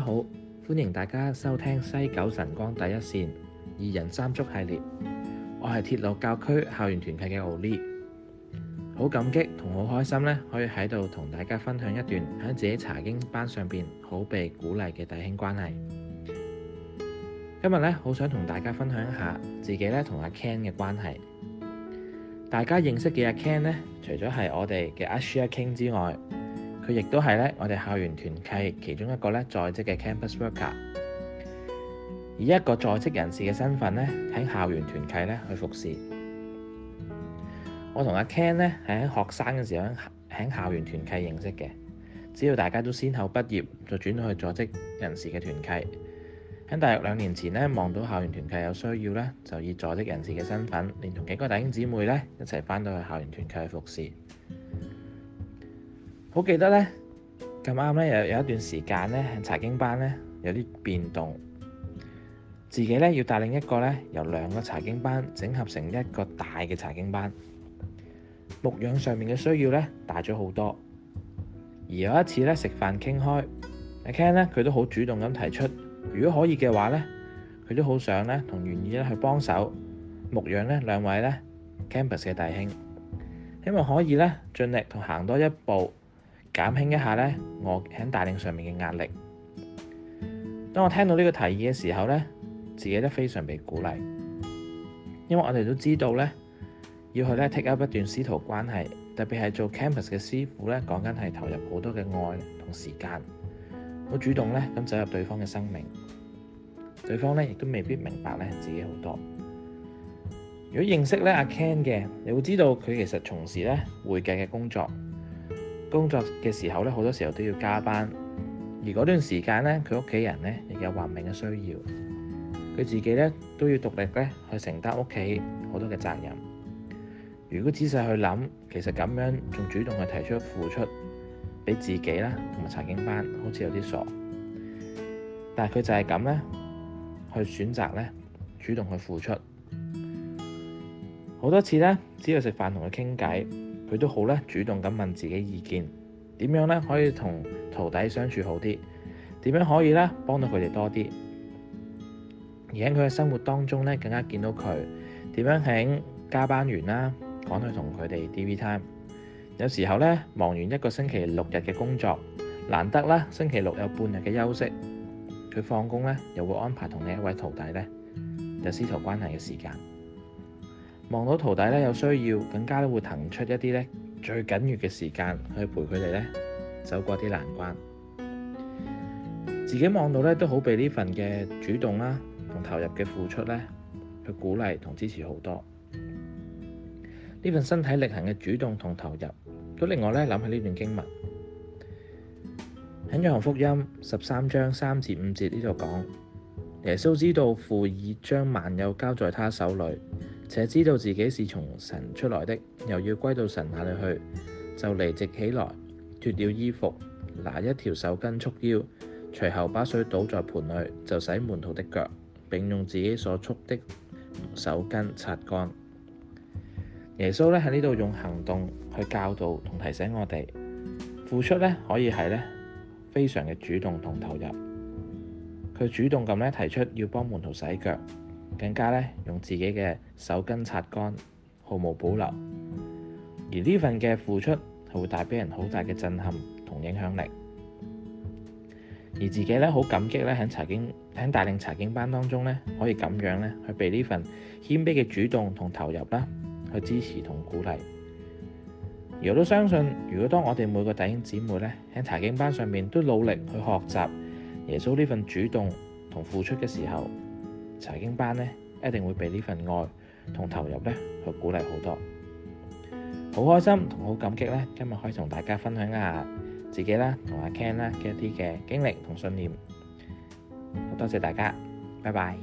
大家好，歡迎大家收聽西九晨光第一線二人三足系列。我係鐵路教區校園團契嘅 Ole，好感激同好開心呢，可以喺度同大家分享一段喺自己查經班上邊好被鼓勵嘅弟兄關係。今日呢，好想同大家分享一下自己呢同阿 Ken 嘅關係。大家認識嘅阿 Ken 呢，除咗係我哋嘅阿 Shia King 之外。佢亦都係咧，我哋校園團契其中一個咧，在職嘅 campus worker，以一個在職人士嘅身份咧，喺校園團契咧去服侍。我同阿 Ken 咧係喺學生嘅時候喺校園團契認識嘅，只要大家都先後畢業，就轉到去在職人士嘅團契。喺大約兩年前咧，望到校園團契有需要咧，就以在職人士嘅身份，連同幾個弟兄姊妹咧一齊翻到去校園團契去服侍。好記得呢，咁啱有一段時間咧，查經班呢，有啲變動，自己呢，要帶領一個咧，由兩個查經班整合成一個大嘅查經班，牧養上面嘅需要呢，大咗好多。而有一次呢，食飯傾開，阿 Ken 呢，佢都好主動咁提出，如果可以嘅話呢，佢都好想呢，同願意咧去幫手牧養咧兩位呢 Campus 嘅弟兄，希望可以呢，盡力同行多一步。減輕一下呢，我喺帶領上面嘅壓力。當我聽到呢個提議嘅時候呢，自己都非常被鼓勵，因為我哋都知道呢，要去呢 take up 一段師徒關係，特別係做 campus 嘅師傅呢，講緊係投入好多嘅愛同時間。好主動呢，咁走入對方嘅生命，對方呢，亦都未必明白呢自己好多。如果認識呢阿 Ken 嘅，你會知道佢其實從事呢會計嘅工作。工作嘅時候咧，好多時候都要加班，而嗰段時間咧，佢屋企人咧亦有患病嘅需要，佢自己呢都要獨立去承擔屋企好多嘅責任。如果仔細去諗，其實這樣仲主動去提出付出，給自己啦同埋財經班，好似有啲傻。但係佢就係這樣呢，去選擇咧主動去付出，好多次咧，只要食飯同佢傾偈。佢都好咧，主動咁問自己意見，點樣咧可以同徒弟相處好啲？點樣可以咧幫到佢哋多啲？而喺佢嘅生活當中咧，更加見到佢點樣喺加班完啦，趕去同佢哋 D.V. time。有時候呢，忙完一個星期六日嘅工作，難得啦，星期六有半日嘅休息，佢放工呢，又會安排同另一位徒弟呢，有師徒關係嘅時間。望到徒弟咧有需要，更加咧會騰出一啲咧最緊要嘅時間去陪佢哋咧，走過啲難關。自己望到呢，都好畀呢份嘅主動啦同投入嘅付出呢去鼓勵同支持好多呢份身體力行嘅主動同投入。都令我咧諗起呢段經文喺《約翰福音》十三章三至五節呢度講，耶穌知道父已將萬有交在他手裏。且知道自己是從神出來的，又要歸到神那裏去，就離席站起來，脫掉衣服，拿一條手巾束腰，隨後把水倒在盆裏，就洗門徒的腳，並用自己所束的手巾擦乾。耶穌咧喺呢度用行動去教導同提醒我哋，付出咧可以係咧非常嘅主動同投入。佢主動咁提出要幫門徒洗腳。更加用自己嘅手巾擦乾，毫無保留。而呢份嘅付出，會帶俾人好大嘅震撼同影響力。而自己咧好感激咧喺查經喺帶領查經班當中可以咁樣去被呢份謙卑嘅主動同投入去支持同鼓勵。而我都相信，如果當我哋每個弟兄姊妹咧喺查經班上面都努力去學習耶穌呢份主動同付出嘅時候，財經班咧，一定會俾呢份愛同投入咧，去鼓勵好多，好開心同好感激咧，今日可以同大家分享下自己啦同阿 Ken 啦嘅一啲嘅經歷同信念，好多謝大家，拜拜。